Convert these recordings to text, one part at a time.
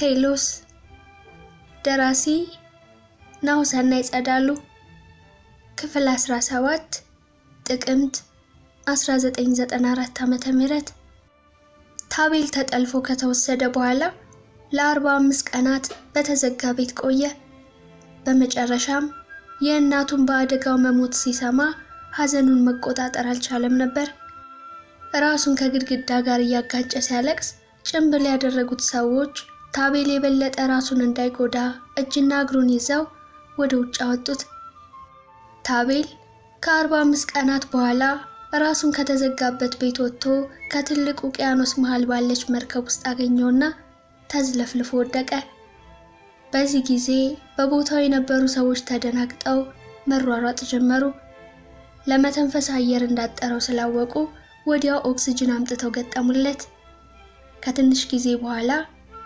ቴሎስ ደራሲ ናሁሰናይ ጸዳሉ ክፍል 17 ጥቅምት 1994 ዓ.ም ታቤል ተጠልፎ ከተወሰደ በኋላ ለ45 ቀናት በተዘጋ ቤት ቆየ። በመጨረሻም የእናቱን በአደጋው መሞት ሲሰማ ሐዘኑን መቆጣጠር አልቻለም ነበር። ራሱን ከግድግዳ ጋር እያጋጨ ሲያለቅስ ጭንብል ያደረጉት ሰዎች ታቤል የበለጠ ራሱን እንዳይጎዳ እጅና እግሩን ይዘው ወደ ውጭ አወጡት። ታቤል ከአርባ አምስት ቀናት በኋላ ራሱን ከተዘጋበት ቤት ወጥቶ ከትልቅ ውቅያኖስ መሃል ባለች መርከብ ውስጥ አገኘውና ተዝለፍልፎ ወደቀ። በዚህ ጊዜ በቦታው የነበሩ ሰዎች ተደናግጠው መሯሯጥ ጀመሩ። ለመተንፈስ አየር እንዳጠረው ስላወቁ ወዲያው ኦክስጅን አምጥተው ገጠሙለት። ከትንሽ ጊዜ በኋላ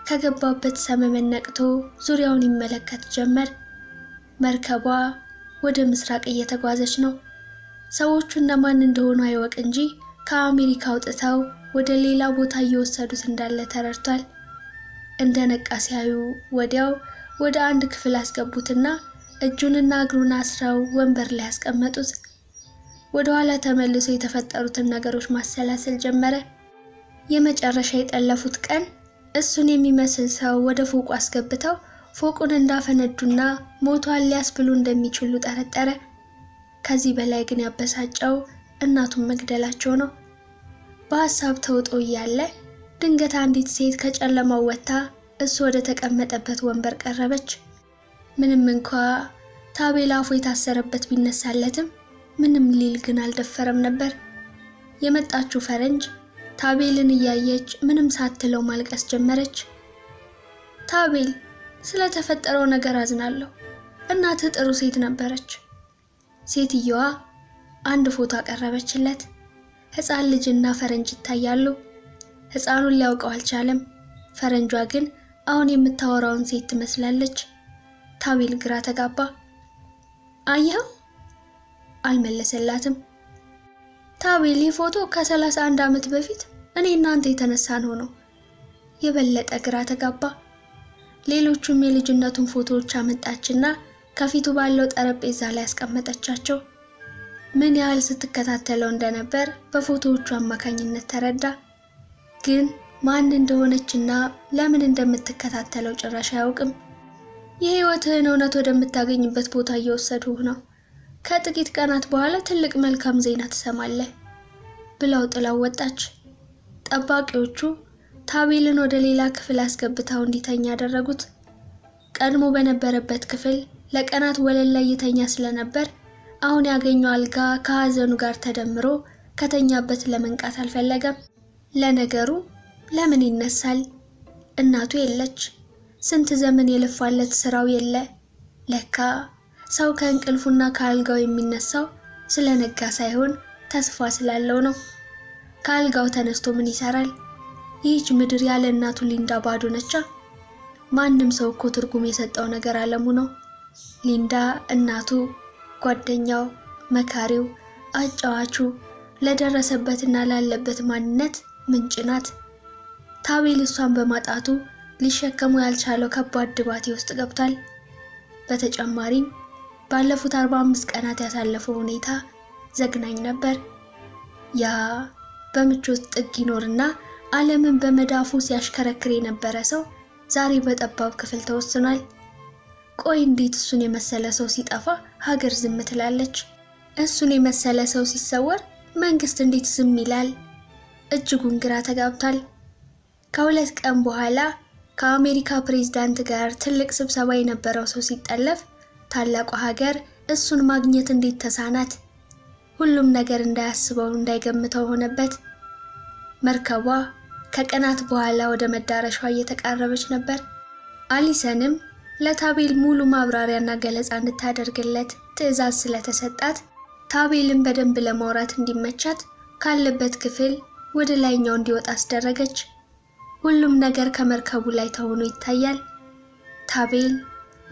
ከገባበት ሰመመን ነቅቶ ዙሪያውን ይመለከት ጀመር። መርከቧ ወደ ምስራቅ እየተጓዘች ነው። ሰዎቹ እነማን እንደሆኑ አይወቅ እንጂ ከአሜሪካ አውጥተው ወደ ሌላ ቦታ እየወሰዱት እንዳለ ተረድቷል። እንደ ነቃ ሲያዩ ወዲያው ወደ አንድ ክፍል አስገቡትና እጁንና እግሩን አስረው ወንበር ላይ ያስቀመጡት። ወደ ኋላ ተመልሶ የተፈጠሩትን ነገሮች ማሰላሰል ጀመረ። የመጨረሻ የጠለፉት ቀን እሱን የሚመስል ሰው ወደ ፎቁ አስገብተው ፎቁን እንዳፈነዱና ሞቷን ሊያስብሉ እንደሚችሉ ጠረጠረ። ከዚህ በላይ ግን ያበሳጨው እናቱን መግደላቸው ነው። በሀሳብ ተውጦ እያለ ድንገት አንዲት ሴት ከጨለማው ወጥታ እሱ ወደ ተቀመጠበት ወንበር ቀረበች። ምንም እንኳ ታቤል አፉ የታሰረበት ቢነሳለትም ምንም ሊል ግን አልደፈረም ነበር። የመጣችው ፈረንጅ ታቤልን እያየች ምንም ሳትለው ማልቀስ ጀመረች። ታቤል፣ ስለተፈጠረው ነገር አዝናለሁ። እናትህ ጥሩ ሴት ነበረች። ሴትየዋ አንድ ፎቶ አቀረበችለት። ሕፃን ልጅና ፈረንጅ ይታያሉ። ሕፃኑን ሊያውቀው አልቻለም። ፈረንጇ ግን አሁን የምታወራውን ሴት ትመስላለች። ታቤል ግራ ተጋባ። አየኸው? አልመለሰላትም። ታቤል ይህ ፎቶ ከ31 ዓመት በፊት እኔ እናንተ የተነሳን ሆኖ የበለጠ ግራ ተጋባ። ሌሎቹም የልጅነቱን ፎቶዎች አመጣችና ከፊቱ ባለው ጠረጴዛ ላይ ያስቀመጠቻቸው። ምን ያህል ስትከታተለው እንደነበር በፎቶዎቹ አማካኝነት ተረዳ። ግን ማን እንደሆነችና ለምን እንደምትከታተለው ጭራሽ አያውቅም። የህይወትህን እውነት ወደምታገኝበት ቦታ እየወሰዱህ ነው። ከጥቂት ቀናት በኋላ ትልቅ መልካም ዜና ትሰማለህ ብለው ጥላው ወጣች። ጠባቂዎቹ ታቤልን ወደ ሌላ ክፍል አስገብተው እንዲተኛ ያደረጉት ቀድሞ በነበረበት ክፍል ለቀናት ወለል ላይ ይተኛ ስለነበር አሁን ያገኘው አልጋ ከሀዘኑ ጋር ተደምሮ ከተኛበት ለመንቃት አልፈለገም። ለነገሩ ለምን ይነሳል? እናቱ የለች፣ ስንት ዘመን የለፋለት ስራው የለ። ለካ ሰው ከእንቅልፉና ከአልጋው የሚነሳው ስለነጋ ሳይሆን ተስፋ ስላለው ነው። ከአልጋው ተነስቶ ምን ይሰራል? ይህች ምድር ያለ እናቱ ሊንዳ ባዶ ነቻ። ማንም ሰው እኮ ትርጉም የሰጠው ነገር አለሙ ነው። ሊንዳ እናቱ፣ ጓደኛው፣ መካሪው፣ አጫዋቹ ለደረሰበትና ላለበት ማንነት ምንጭ ናት። ታቤል እሷን በማጣቱ ሊሸከሙ ያልቻለው ከባድ ድባቴ ውስጥ ገብቷል። በተጨማሪም ባለፉት 45 ቀናት ያሳለፈው ሁኔታ ዘግናኝ ነበር ያ በምቾት ጥግ ይኖርና ዓለምን በመዳፉ ሲያሽከረክር የነበረ ሰው ዛሬ በጠባብ ክፍል ተወስኗል። ቆይ እንዴት እሱን የመሰለ ሰው ሲጠፋ ሀገር ዝም ትላለች? እሱን የመሰለ ሰው ሲሰወር መንግስት እንዴት ዝም ይላል? እጅጉን ግራ ተጋብቷል። ከሁለት ቀን በኋላ ከአሜሪካ ፕሬዝዳንት ጋር ትልቅ ስብሰባ የነበረው ሰው ሲጠለፍ ታላቋ ሀገር እሱን ማግኘት እንዴት ተሳናት? ሁሉም ነገር እንዳያስበው እንዳይገምተው ሆነበት። መርከቧ ከቀናት በኋላ ወደ መዳረሻዋ እየተቃረበች ነበር። አሊሰንም ለታቤል ሙሉ ማብራሪያና ገለጻ እንድታደርግለት ትዕዛዝ ስለተሰጣት ታቤልን በደንብ ለማውራት እንዲመቻት ካለበት ክፍል ወደ ላይኛው እንዲወጣ አስደረገች። ሁሉም ነገር ከመርከቡ ላይ ተሆኖ ይታያል። ታቤል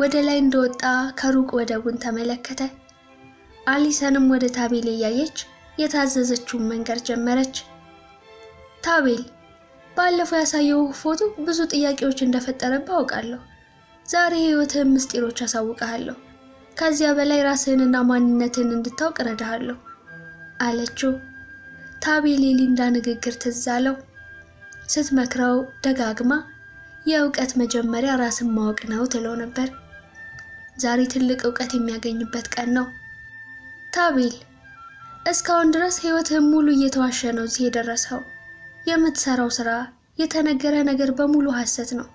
ወደ ላይ እንደወጣ ከሩቅ ወደቡን ተመለከተ። አሊሰንም ወደ ታቤል እያየች የታዘዘችውን መንገድ ጀመረች። ታቤል ባለፈው ያሳየው ፎቶ ብዙ ጥያቄዎች እንደፈጠረብህ አውቃለሁ። ዛሬ የህይወትህን ምስጢሮች አሳውቀሃለሁ። ከዚያ በላይ ራስህንና ማንነትህን እንድታውቅ ረዳሃለሁ አለችው። ታቤል የሊንዳ ንግግር ትዝ አለው። ስትመክረው ደጋግማ የእውቀት መጀመሪያ ራስን ማወቅ ነው ትለው ነበር። ዛሬ ትልቅ እውቀት የሚያገኝበት ቀን ነው። ታቢል እስካሁን ድረስ ህይወትህ ሙሉ እየተዋሸ ነው እዚህ የደረሰው። የምትሰራው ስራ፣ የተነገረ ነገር በሙሉ ሐሰት ነው።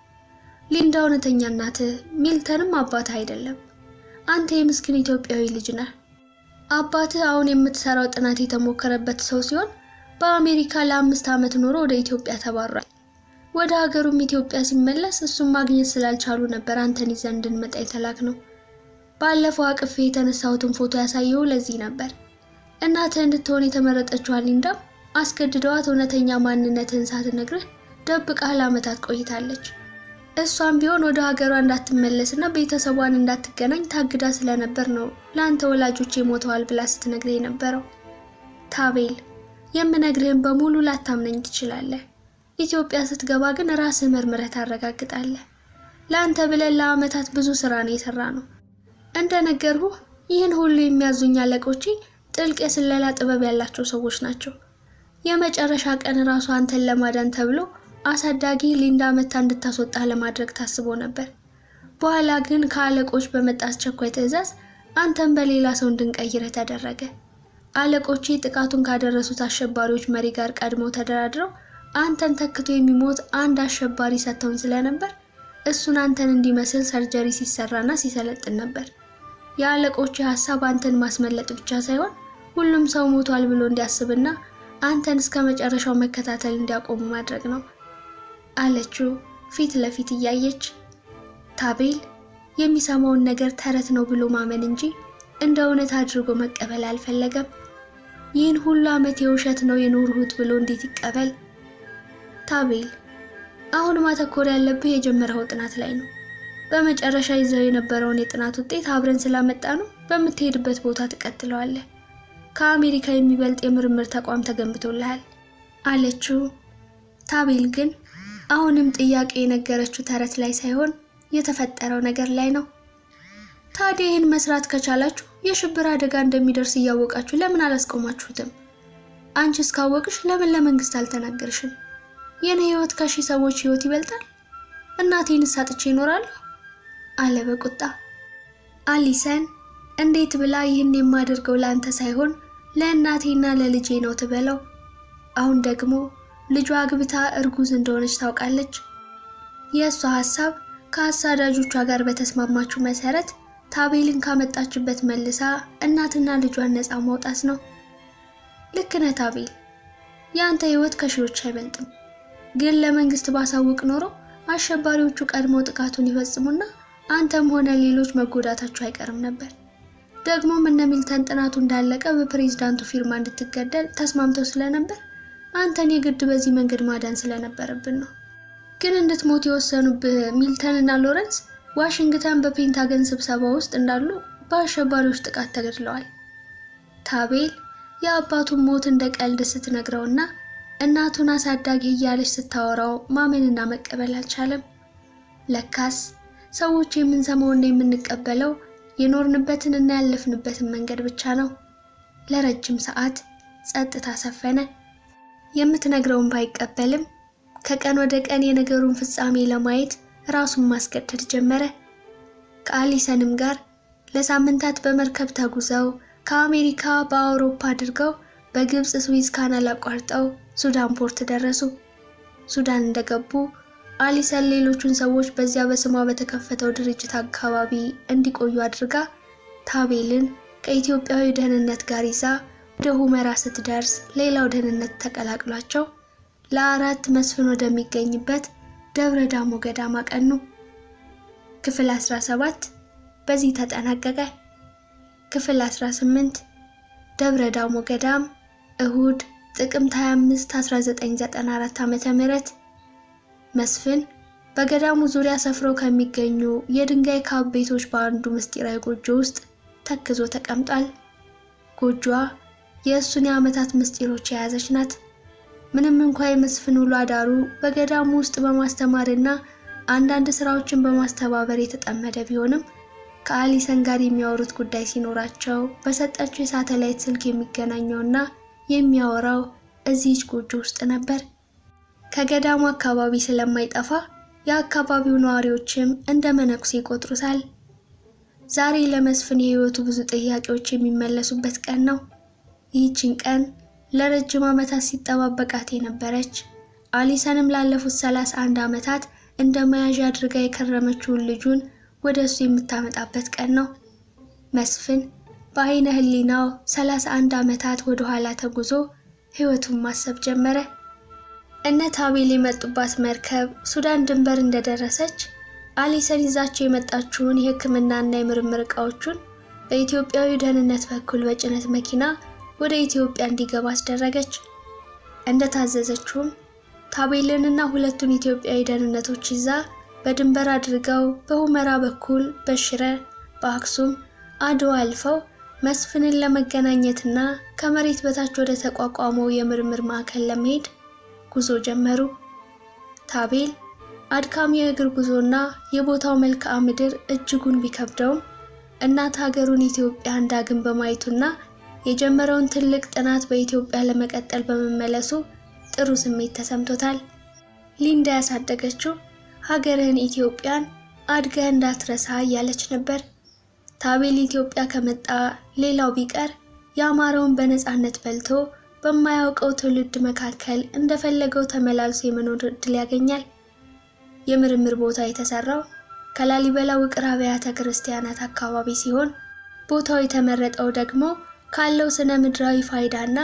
ሊንዳ እውነተኛ እናትህ ሚልተንም አባትህ አይደለም። አንተ የምስኪን ኢትዮጵያዊ ልጅ ነህ። አባትህ አሁን የምትሰራው ጥናት የተሞከረበት ሰው ሲሆን በአሜሪካ ለአምስት ዓመት ኖሮ ወደ ኢትዮጵያ ተባሯል። ወደ ሀገሩም ኢትዮጵያ ሲመለስ እሱን ማግኘት ስላልቻሉ ነበር አንተን ይዘን እንድንመጣ የተላክ ነው። ባለፈው አቅፌ የተነሳሁትን ፎቶ ያሳየው ለዚህ ነበር። እናትህ እንድትሆን የተመረጠችው ሊንዳም አስገድደዋት እውነተኛ ማንነትህን ሳትነግርህ ደብቃህ ለዓመታት ቆይታለች። እሷም ቢሆን ወደ ሀገሯ እንዳትመለስና ቤተሰቧን እንዳትገናኝ ታግዳ ስለነበር ነው ለአንተ ወላጆች ሞተዋል ብላ ስትነግርህ የነበረው። ታቤል የምነግርህን በሙሉ ላታምነኝ ትችላለህ። ኢትዮጵያ ስትገባ ግን ራስህ መርምረህ ታረጋግጣለህ። ለአንተ ብለን ለዓመታት ብዙ ስራ ነው የሰራ ነው እንደነገርሁ ይህን ሁሉ የሚያዙኝ አለቆቼ ጥልቅ የስለላ ጥበብ ያላቸው ሰዎች ናቸው። የመጨረሻ ቀን ራሱ አንተን ለማዳን ተብሎ አሳዳጊ ሊንዳ መታ እንድታስወጣ ለማድረግ ታስቦ ነበር። በኋላ ግን ከአለቆች በመጣ አስቸኳይ ትዕዛዝ አንተን በሌላ ሰው እንድንቀይረ ተደረገ። አለቆቼ ጥቃቱን ካደረሱት አሸባሪዎች መሪ ጋር ቀድመው ተደራድረው አንተን ተክቶ የሚሞት አንድ አሸባሪ ሰጥተውን ስለነበር እሱን አንተን እንዲመስል ሰርጀሪ ሲሰራና ሲሰለጥን ነበር። የአለቆች ሀሳብ አንተን ማስመለጥ ብቻ ሳይሆን ሁሉም ሰው ሞቷል ብሎ እንዲያስብና አንተን እስከ መጨረሻው መከታተል እንዲያቆሙ ማድረግ ነው አለችው ፊት ለፊት እያየች። ታቤል የሚሰማውን ነገር ተረት ነው ብሎ ማመን እንጂ እንደ እውነት አድርጎ መቀበል አልፈለገም። ይህን ሁሉ ዓመት የውሸት ነው የኖርሁት ብሎ እንዴት ይቀበል? ታቤል አሁን ማተኮር ያለብህ የጀመረው ጥናት ላይ ነው። በመጨረሻ ይዘው የነበረውን የጥናት ውጤት አብረን ስላመጣ ነው በምትሄድበት ቦታ ትቀጥለዋለህ። ከአሜሪካ የሚበልጥ የምርምር ተቋም ተገንብቶልሃል አለችው። ታቤል ግን አሁንም ጥያቄ የነገረችው ተረት ላይ ሳይሆን የተፈጠረው ነገር ላይ ነው። ታዲያ ይህን መስራት ከቻላችሁ የሽብር አደጋ እንደሚደርስ እያወቃችሁ ለምን አላስቆማችሁትም? አንቺ እስካወቅሽ ለምን ለመንግስት አልተናገርሽም? የኔ ህይወት ከሺህ ሰዎች ህይወት ይበልጣል። እናቴን ሳጥቼ ይኖራለሁ። አለ በቁጣ። አሊሰን እንዴት ብላ ይህን የማደርገው ለአንተ ሳይሆን ለእናቴና ለልጄ ነው ትበለው። አሁን ደግሞ ልጇ አግብታ እርጉዝ እንደሆነች ታውቃለች። የእሷ ሀሳብ ከአሳዳጆቿ ጋር በተስማማችው መሰረት ታቤልን ካመጣችበት መልሳ እናትና ልጇን ነፃ ማውጣት ነው። ልክ ነህ ታቤል፣ የአንተ ህይወት ከሺዎች አይበልጥም። ግን ለመንግስት ባሳውቅ ኖሮ አሸባሪዎቹ ቀድመው ጥቃቱን ይፈጽሙና አንተም ሆነ ሌሎች መጎዳታቸው አይቀርም ነበር። ደግሞም እነ ሚልተን ጥናቱ እንዳለቀ በፕሬዝዳንቱ ፊርማ እንድትገደል ተስማምተው ስለነበር አንተን የግድ በዚህ መንገድ ማዳን ስለነበረብን ነው። ግን እንድትሞት የወሰኑብህ ሚልተን እና ሎረንስ ዋሽንግተን በፔንታገን ስብሰባ ውስጥ እንዳሉ በአሸባሪዎች ጥቃት ተገድለዋል። ታቤል የአባቱን ሞት እንደ ቀልድ ስትነግረውና እናቱን አሳዳጊ እያለች ስታወራው ማመንና መቀበል አልቻለም። ለካስ ሰዎች የምንሰማውና የምንቀበለው የኖርንበትን እና ያለፍንበትን መንገድ ብቻ ነው። ለረጅም ሰዓት ጸጥታ ሰፈነ። የምትነግረውን ባይቀበልም ከቀን ወደ ቀን የነገሩን ፍጻሜ ለማየት ራሱን ማስገደድ ጀመረ። ከአሊሰንም ጋር ለሳምንታት በመርከብ ተጉዘው ከአሜሪካ በአውሮፓ አድርገው በግብፅ ስዊዝ ካናል አቋርጠው ሱዳን ፖርት ደረሱ። ሱዳን እንደገቡ አሊሰን ሌሎቹን ሰዎች በዚያ በስሟ በተከፈተው ድርጅት አካባቢ እንዲቆዩ አድርጋ ታቤልን ከኢትዮጵያዊ ደህንነት ጋር ይዛ ወደ ሁመራ ስትደርስ ሌላው ደህንነት ተቀላቅሏቸው ለአራት መስፍን ወደሚገኝበት ደብረ ዳሞ ገዳም አቀኑ። ክፍል 17 በዚህ ተጠናቀቀ። ክፍል 18 ደብረ ዳሞ ገዳም እሁድ ጥቅምት 25 1994 ዓ.ም መስፍን በገዳሙ ዙሪያ ሰፍረው ከሚገኙ የድንጋይ ካብ ቤቶች በአንዱ ምስጢራዊ ጎጆ ውስጥ ተክዞ ተቀምጧል። ጎጆዋ የእሱን የዓመታት ምስጢሮች የያዘች ናት። ምንም እንኳ የመስፍን ውሎ አዳሩ በገዳሙ ውስጥ በማስተማር እና አንዳንድ ስራዎችን በማስተባበር የተጠመደ ቢሆንም ከአሊሰን ጋር የሚያወሩት ጉዳይ ሲኖራቸው በሰጠችው የሳተላይት ስልክ የሚገናኘውና የሚያወራው እዚህች ጎጆ ውስጥ ነበር። ከገዳሙ አካባቢ ስለማይጠፋ የአካባቢው ነዋሪዎችም እንደ መነኩሴ ይቆጥሩታል። ዛሬ ለመስፍን የህይወቱ ብዙ ጥያቄዎች የሚመለሱበት ቀን ነው። ይህችን ቀን ለረጅም ዓመታት ሲጠባበቃት የነበረች አሊሰንም ላለፉት ሰላሳ አንድ ዓመታት እንደ መያዣ አድርጋ የከረመችውን ልጁን ወደ እሱ የምታመጣበት ቀን ነው። መስፍን በአይነ ህሊናው ሰላሳ አንድ ዓመታት ወደ ኋላ ተጉዞ ህይወቱን ማሰብ ጀመረ። እነ ታቤል የመጡባት መርከብ ሱዳን ድንበር እንደደረሰች አሊሰን ይዛቸው የመጣችውን የሕክምናና የምርምር እቃዎቹን በኢትዮጵያዊ ደህንነት በኩል በጭነት መኪና ወደ ኢትዮጵያ እንዲገባ አስደረገች። እንደታዘዘችውም ታቤልንና ሁለቱን ኢትዮጵያዊ ደህንነቶች ይዛ በድንበር አድርገው በሁመራ በኩል በሽረ፣ በአክሱም፣ አድዋ አልፈው መስፍንን ለመገናኘትና ከመሬት በታች ወደ ተቋቋመው የምርምር ማዕከል ለመሄድ ጉዞ ጀመሩ። ታቤል አድካሚ የእግር ጉዞና የቦታው መልክዓ ምድር እጅጉን ቢከብደውም እናት ሀገሩን ኢትዮጵያን ዳግም በማየቱና የጀመረውን ትልቅ ጥናት በኢትዮጵያ ለመቀጠል በመመለሱ ጥሩ ስሜት ተሰምቶታል። ሊንዳ ያሳደገችው ሀገርህን ኢትዮጵያን አድገህ እንዳትረሳ እያለች ነበር። ታቤል ኢትዮጵያ ከመጣ ሌላው ቢቀር ያማረውን በነፃነት በልቶ በማያውቀው ትውልድ መካከል እንደፈለገው ተመላልሶ የመኖር እድል ያገኛል። የምርምር ቦታ የተሰራው ከላሊበላ ውቅር አብያተ ክርስቲያናት አካባቢ ሲሆን ቦታው የተመረጠው ደግሞ ካለው ስነ ምድራዊ ፋይዳ እና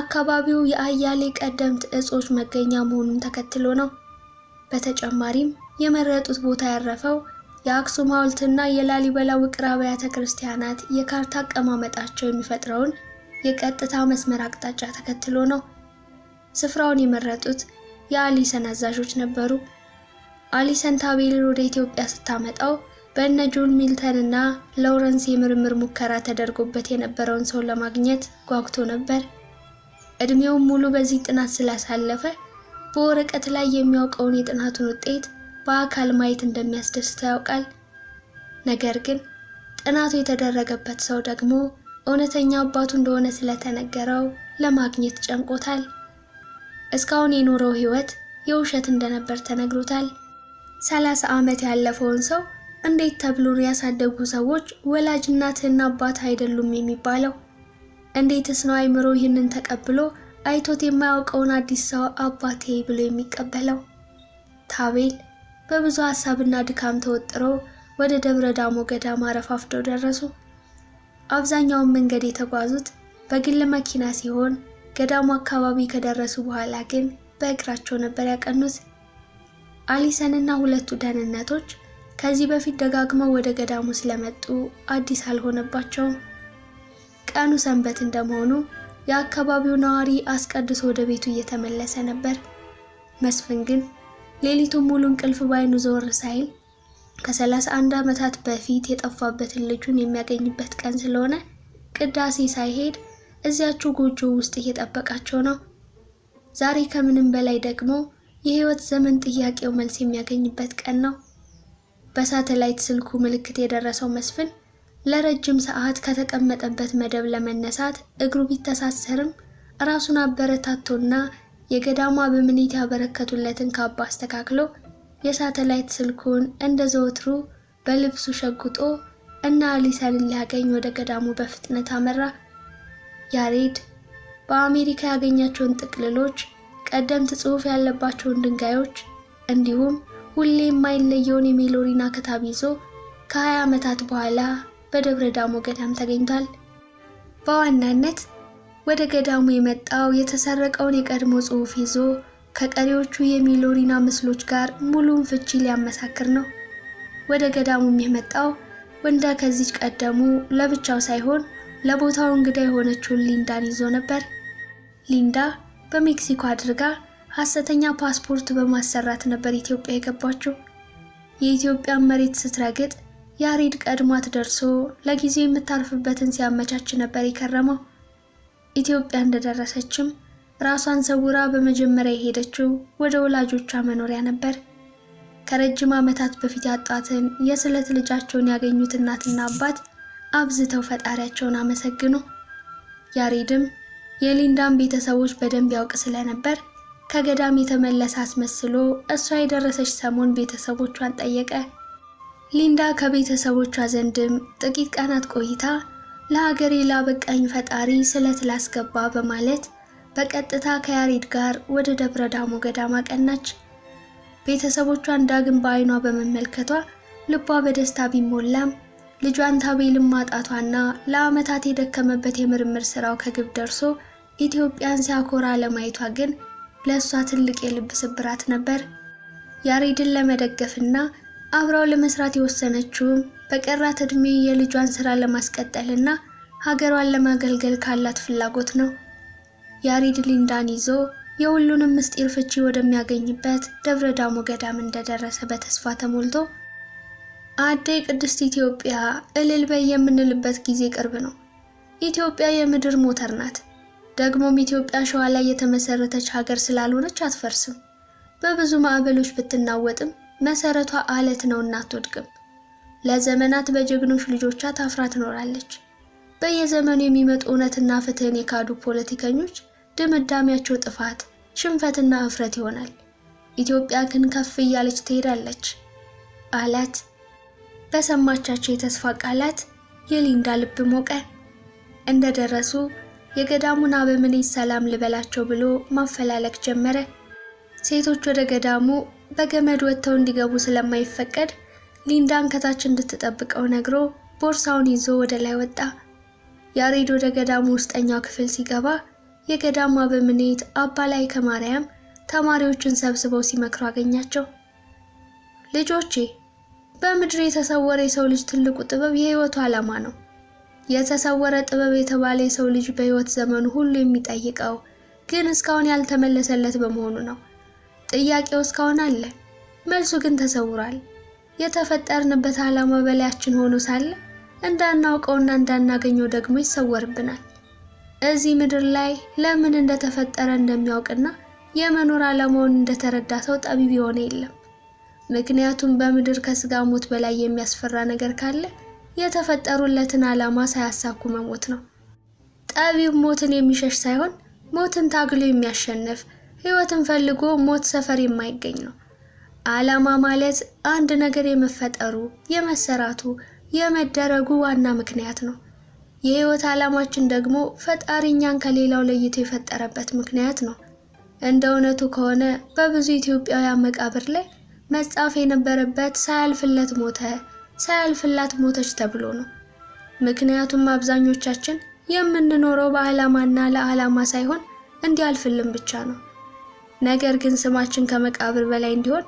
አካባቢው የአያሌ ቀደምት እጾች መገኛ መሆኑን ተከትሎ ነው። በተጨማሪም የመረጡት ቦታ ያረፈው የአክሱም ሐውልትና የላሊበላ ውቅር አብያተ ክርስቲያናት የካርታ አቀማመጣቸው የሚፈጥረውን የቀጥታ መስመር አቅጣጫ ተከትሎ ነው። ስፍራውን የመረጡት የአሊሰን አዛዦች ነበሩ። አሊሰን ታቤልን ወደ ኢትዮጵያ ስታመጣው በእነ ጆን ሚልተን እና ሎረንስ የምርምር ሙከራ ተደርጎበት የነበረውን ሰው ለማግኘት ጓጉቶ ነበር። እድሜውን ሙሉ በዚህ ጥናት ስላሳለፈ በወረቀት ላይ የሚያውቀውን የጥናቱን ውጤት በአካል ማየት እንደሚያስደስተው ያውቃል። ነገር ግን ጥናቱ የተደረገበት ሰው ደግሞ እውነተኛ አባቱ እንደሆነ ስለተነገረው ለማግኘት ጨንቆታል። እስካሁን የኖረው ህይወት የውሸት እንደነበር ተነግሮታል። ሰላሳ ዓመት ያለፈውን ሰው እንዴት ተብሎ ነው ያሳደጉ ሰዎች ወላጅ እናትና አባት አይደሉም የሚባለው? እንዴትስ ነው አይምሮ ይህንን ተቀብሎ አይቶት የማያውቀውን አዲስ ሰው አባቴ ብሎ የሚቀበለው? ታቤል በብዙ ሀሳብና ድካም ተወጥሮ ወደ ደብረ ዳሞ ገዳም አረፋፍደው ደረሱ። አብዛኛውን መንገድ የተጓዙት በግል መኪና ሲሆን ገዳሙ አካባቢ ከደረሱ በኋላ ግን በእግራቸው ነበር ያቀኑት። አሊሰን እና ሁለቱ ደህንነቶች ከዚህ በፊት ደጋግመው ወደ ገዳሙ ስለመጡ አዲስ አልሆነባቸውም። ቀኑ ሰንበት እንደመሆኑ የአካባቢው ነዋሪ አስቀድሶ ወደ ቤቱ እየተመለሰ ነበር። መስፍን ግን ሌሊቱን ሙሉ እንቅልፍ ባይኑ ዞር ሳይል ከ31 ዓመታት በፊት የጠፋበትን ልጁን የሚያገኝበት ቀን ስለሆነ ቅዳሴ ሳይሄድ እዚያችው ጎጆ ውስጥ እየጠበቃቸው ነው። ዛሬ ከምንም በላይ ደግሞ የህይወት ዘመን ጥያቄው መልስ የሚያገኝበት ቀን ነው። በሳተላይት ስልኩ ምልክት የደረሰው መስፍን ለረጅም ሰዓት ከተቀመጠበት መደብ ለመነሳት እግሩ ቢተሳሰርም ራሱን አበረታቶና የገዳማ በምኔት ያበረከቱለትን ካባ አስተካክሎ የሳተላይት ስልኩን እንደ ዘወትሩ በልብሱ ሸጉጦ እና አሊሳን ሊያገኝ ወደ ገዳሙ በፍጥነት አመራ። ያሬድ በአሜሪካ ያገኛቸውን ጥቅልሎች፣ ቀደምት ጽሑፍ ያለባቸውን ድንጋዮች እንዲሁም ሁሌ የማይለየውን የሜሎሪና አክታብ ይዞ ከ20 ዓመታት በኋላ በደብረ ዳሞ ገዳም ተገኝቷል። በዋናነት ወደ ገዳሙ የመጣው የተሰረቀውን የቀድሞ ጽሑፍ ይዞ ከቀሪዎቹ የሚሎሪና ምስሎች ጋር ሙሉውን ፍቺ ሊያመሳክር ነው። ወደ ገዳሙም የመጣው ወንዳ ከዚች ቀደሙ ለብቻው ሳይሆን ለቦታው እንግዳ የሆነችውን ሊንዳን ይዞ ነበር። ሊንዳ በሜክሲኮ አድርጋ ሐሰተኛ ፓስፖርት በማሰራት ነበር ኢትዮጵያ የገባችው። የኢትዮጵያን መሬት ስትረግጥ ያሬድ ቀድሟት ደርሶ ለጊዜው የምታርፍበትን ሲያመቻች ነበር የከረመው። ኢትዮጵያ እንደደረሰችም ራሷን ሰውራ በመጀመሪያ የሄደችው ወደ ወላጆቿ መኖሪያ ነበር። ከረጅም ዓመታት በፊት ያጧትን የስለት ልጃቸውን ያገኙት እናትና አባት አብዝተው ፈጣሪያቸውን አመሰግኑ። ያሬድም የሊንዳን ቤተሰቦች በደንብ ያውቅ ስለነበር ከገዳም የተመለሰ አስመስሎ እሷ የደረሰች ሰሞን ቤተሰቦቿን ጠየቀ። ሊንዳ ከቤተሰቦቿ ዘንድም ጥቂት ቀናት ቆይታ ለሀገሬ ላበቃኝ ፈጣሪ ስለት ላስገባ በማለት በቀጥታ ከያሬድ ጋር ወደ ደብረ ዳሞ ገዳም አቀናች። ቤተሰቦቿን ዳግም በአይኗ በመመልከቷ ልቧ በደስታ ቢሞላም ልጇን ታቤልን ማጣቷና ለዓመታት የደከመበት የምርምር ስራው ከግብ ደርሶ ኢትዮጵያን ሲያኮራ ለማየቷ ግን ለእሷ ትልቅ የልብ ስብራት ነበር። ያሬድን ለመደገፍና አብራው ለመስራት የወሰነችውም በቀራት ዕድሜ የልጇን ስራ ለማስቀጠልና ሀገሯን ለማገልገል ካላት ፍላጎት ነው። ያሬድ ሊንዳን ይዞ የሁሉንም ምስጢር ፍቺ ወደሚያገኝበት ደብረ ዳሞ ገዳም እንደደረሰ በተስፋ ተሞልቶ አደይ ቅድስት ኢትዮጵያ እልል በይ የምንልበት ጊዜ ቅርብ ነው። ኢትዮጵያ የምድር ሞተር ናት። ደግሞም ኢትዮጵያ ሸዋ ላይ የተመሰረተች ሀገር ስላልሆነች አትፈርስም። በብዙ ማዕበሎች ብትናወጥም መሰረቷ አለት ነውና አትወድቅም። ለዘመናት በጀግኖች ልጆቿ ታፍራ ትኖራለች። በየዘመኑ የሚመጡ እውነትና ፍትህን የካዱ ፖለቲከኞች ድምዳሜያቸው ጥፋት፣ ሽንፈትና እፍረት ይሆናል። ኢትዮጵያ ግን ከፍ እያለች ትሄዳለች። አላት። በሰማቻቸው የተስፋ ቃላት የሊንዳ ልብ ሞቀ። እንደደረሱ የገዳሙን አበምኔት ሰላም ልበላቸው ብሎ ማፈላለግ ጀመረ። ሴቶች ወደ ገዳሙ በገመድ ወጥተው እንዲገቡ ስለማይፈቀድ ሊንዳን ከታች እንድትጠብቀው ነግሮ ቦርሳውን ይዞ ወደ ላይ ወጣ። ያሬድ ወደ ገዳሙ ውስጠኛው ክፍል ሲገባ የገዳማ በምኔት አባ ላይ ከማርያም ተማሪዎቹን ሰብስበው ሲመክሩ አገኛቸው። ልጆቼ በምድር የተሰወረ የሰው ልጅ ትልቁ ጥበብ የህይወቱ ዓላማ ነው። የተሰወረ ጥበብ የተባለ የሰው ልጅ በህይወት ዘመኑ ሁሉ የሚጠይቀው ግን እስካሁን ያልተመለሰለት በመሆኑ ነው። ጥያቄው እስካሁን አለ፣ መልሱ ግን ተሰውሯል። የተፈጠርንበት ዓላማ በላያችን ሆኖ ሳለ እንዳናውቀውና እንዳናገኘው ደግሞ ይሰወርብናል። እዚህ ምድር ላይ ለምን እንደተፈጠረ እንደሚያውቅና የመኖር ዓላማውን እንደተረዳ ሰው ጠቢብ የሆነ የለም። ምክንያቱም በምድር ከስጋ ሞት በላይ የሚያስፈራ ነገር ካለ የተፈጠሩለትን ዓላማ ሳያሳኩ መሞት ነው። ጠቢብ ሞትን የሚሸሽ ሳይሆን ሞትን ታግሎ የሚያሸንፍ ሕይወትን ፈልጎ ሞት ሰፈር የማይገኝ ነው። ዓላማ ማለት አንድ ነገር የመፈጠሩ፣ የመሰራቱ፣ የመደረጉ ዋና ምክንያት ነው። የህይወት ዓላማችን ደግሞ ፈጣሪ እኛን ከሌላው ለይቶ የፈጠረበት ምክንያት ነው። እንደ እውነቱ ከሆነ በብዙ ኢትዮጵያውያን መቃብር ላይ መጻፍ የነበረበት ሳያልፍለት ሞተ፣ ሳያልፍላት ሞተች ተብሎ ነው። ምክንያቱም አብዛኞቻችን የምንኖረው በዓላማና ለዓላማ ሳይሆን እንዲያልፍልን ብቻ ነው። ነገር ግን ስማችን ከመቃብር በላይ እንዲሆን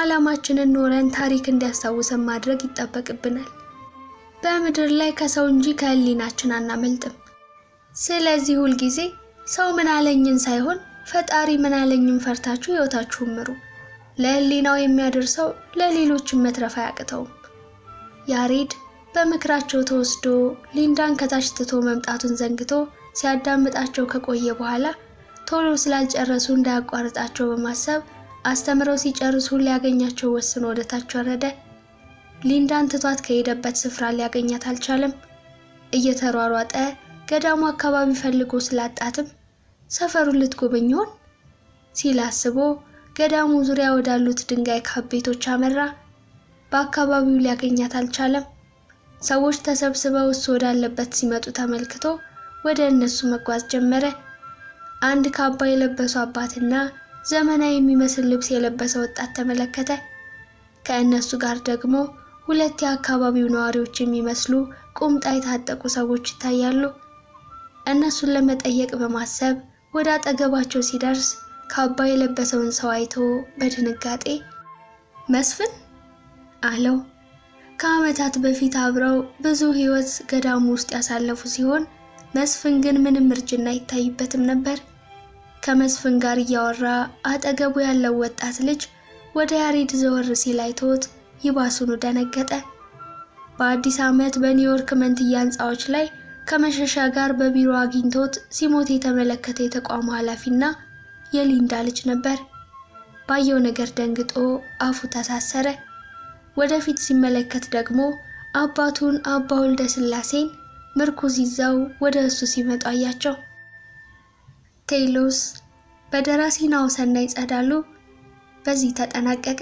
ዓላማችንን ኖረን ታሪክ እንዲያስታውሰን ማድረግ ይጠበቅብናል። በምድር ላይ ከሰው እንጂ ከህሊናችን አናመልጥም። ስለዚህ ሁልጊዜ ሰው ምናለኝን ሳይሆን ፈጣሪ ምናለኝን ፈርታችሁ ህይወታችሁን ምሩ። ለህሊናው የሚያደርሰው ለሌሎችን መትረፍ አያቅተውም። ያሬድ በምክራቸው ተወስዶ ሊንዳን ከታች ትቶ መምጣቱን ዘንግቶ ሲያዳምጣቸው ከቆየ በኋላ ቶሎ ስላልጨረሱ እንዳያቋርጣቸው በማሰብ አስተምረው ሲጨርሱ ሊያገኛቸው ወስኖ ወደታች ወረደ። ሊንዳን ትቷት ከሄደበት ስፍራ ሊያገኛት አልቻለም። እየተሯሯጠ ገዳሙ አካባቢ ፈልጎ ስላጣትም ሰፈሩን ልትጎበኝ ይሆን ሲል አስቦ ገዳሙ ዙሪያ ወዳሉት ድንጋይ ካቤቶች አመራ። በአካባቢው ሊያገኛት አልቻለም። ሰዎች ተሰብስበው እሱ ወዳለበት ሲመጡ ተመልክቶ ወደ እነሱ መጓዝ ጀመረ። አንድ ካባ የለበሱ አባትና ዘመናዊ የሚመስል ልብስ የለበሰ ወጣት ተመለከተ። ከእነሱ ጋር ደግሞ ሁለት የአካባቢው ነዋሪዎች የሚመስሉ ቁምጣ የታጠቁ ሰዎች ይታያሉ። እነሱን ለመጠየቅ በማሰብ ወደ አጠገባቸው ሲደርስ ካባ የለበሰውን ሰው አይቶ በድንጋጤ መስፍን አለው። ከዓመታት በፊት አብረው ብዙ ሕይወት ገዳሙ ውስጥ ያሳለፉ ሲሆን መስፍን ግን ምንም እርጅና አይታይበትም ነበር። ከመስፍን ጋር እያወራ አጠገቡ ያለው ወጣት ልጅ ወደ ያሬድ ዘወር ሲል አይቶት ይባሱኑ ደነገጠ። በአዲስ ዓመት በኒውዮርክ መንትያ ህንፃዎች ላይ ከመሸሻ ጋር በቢሮ አግኝቶት ሲሞት የተመለከተ የተቋሙ ኃላፊና የሊንዳ ልጅ ነበር። ባየው ነገር ደንግጦ አፉ ተሳሰረ። ወደፊት ሲመለከት ደግሞ አባቱን አባ ወልደ ስላሴን ምርኩዝ ይዘው ወደ እሱ ሲመጡ አያቸው። ቴሎስ በደራሲ ናሁሰናይ ጸዳሉ በዚህ ተጠናቀቀ።